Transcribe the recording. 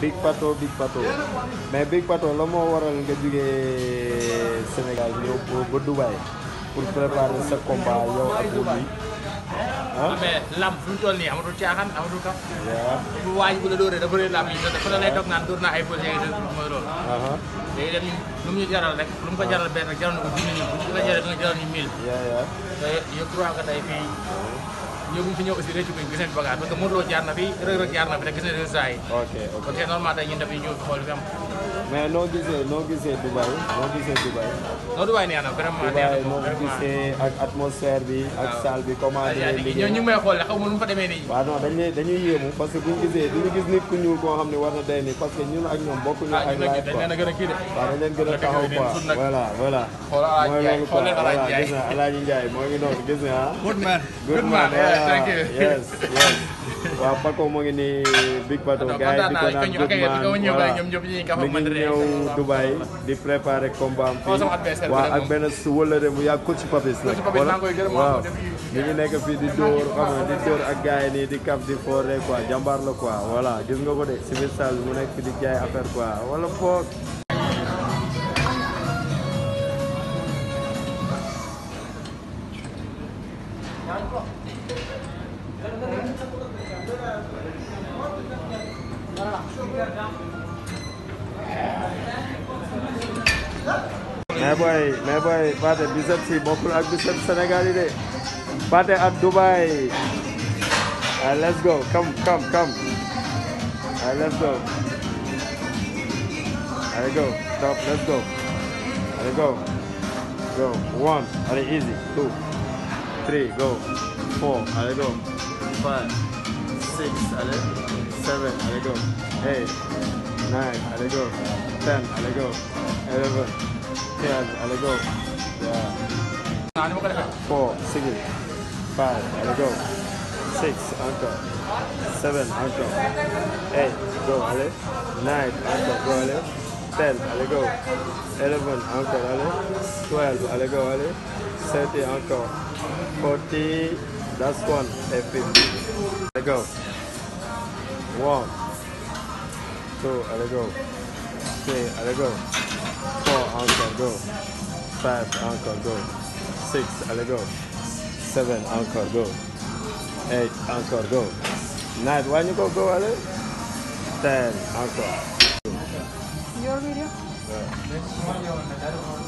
Big Pato Big Pato mais Big Pato la moo waral nga jugee Sénégal ñëw ba Dubaï pour préparer sa combat yow ak Wouly ah, ah lam fi mu toll nii amatul caaxaan amatul kaf. waaw waaj bu la dóoree dafa lay lam yi dafa naan dóor naa ay poche yeeg mooy uh-huh. lu mu ñu jaral rek lu mu ko jaral benn jaral na ko junni ñu bu ñu ko jaral dina jaral ñu mille. fii. ñëw bu fi ñëw aussi réccu bi gis nañ bagage parce que Modou Lo jaar na fi Reug Reug jaar na fi te gis nañ résultat yi. ok ok ok normal tey ñun dafay ñëw fi xool fi am. mais noo gisee noo gisee Dubaï noo gisee Dubaï. noo Dubaï nee na vraiment nee na moom vraiment noo gisee ak atmosphère bi. ak salle bi comment. ñu ngi may xool xaw ma nu mu fa demee nii. waaw non dañuy dañuy yéemu parce que bu ñu gisee du ñu gis nit ku ñuul koo xam ne war na day nii parce que ñun ak ñoom bokkuñu. Ah, ak laaj quoi waaw ñun dañ leen a gën a kii de. waaw dañ leen gën a taxaw quoi voilà voilà. xoolal Alaaji Ndiaye xoolal Alaaji Ndiaye mooy loolu quoi voilà gis nga Alaaji Ndiaye moo ngi noonu gis nga ah. good man good man thank you. Yes, yes. apa kau mungkin ini big batu guys di kena jump man. Okay, Dubai di prepare kombam. Oh, Wah, agbena suwala deh. Wah, aku cipa best. Aku Wah, ini nega fit di door, kau di door aga ini di cup di fore kuah jambar lo kuah. Wala, jengko kau deh. Semisal mana fit jaya affair kuah. Wala, fuck. मैं भाई मैं भाई बाटे बिजत सी बकुल बिजत सनेगाली रे uh, let's go come come come uh, let's go अरे go stop let's go अरे go go one अरे easy two three, go. Four, allez go. Five, six, allez. Seven, allez go. Eight, nine, allez go. Ten, allez go. Eleven, twelve, allez go. Yeah. Four, six, five, allez go. Six, encore. Seven, encore. Eight, go, allez. Nine, encore, go, allez. 10, allez go. 11, encore, allez. 12, allez go, allez. 30, encore. 40, that's one. And 50. Allez go. 1, 2, allez go. 3, allez go. 4, encore, go. 5, encore, go. 6, allez go. 7, encore, go. 8, encore, go. 9, when you go, go, allez. 10, encore. Your video? Yeah.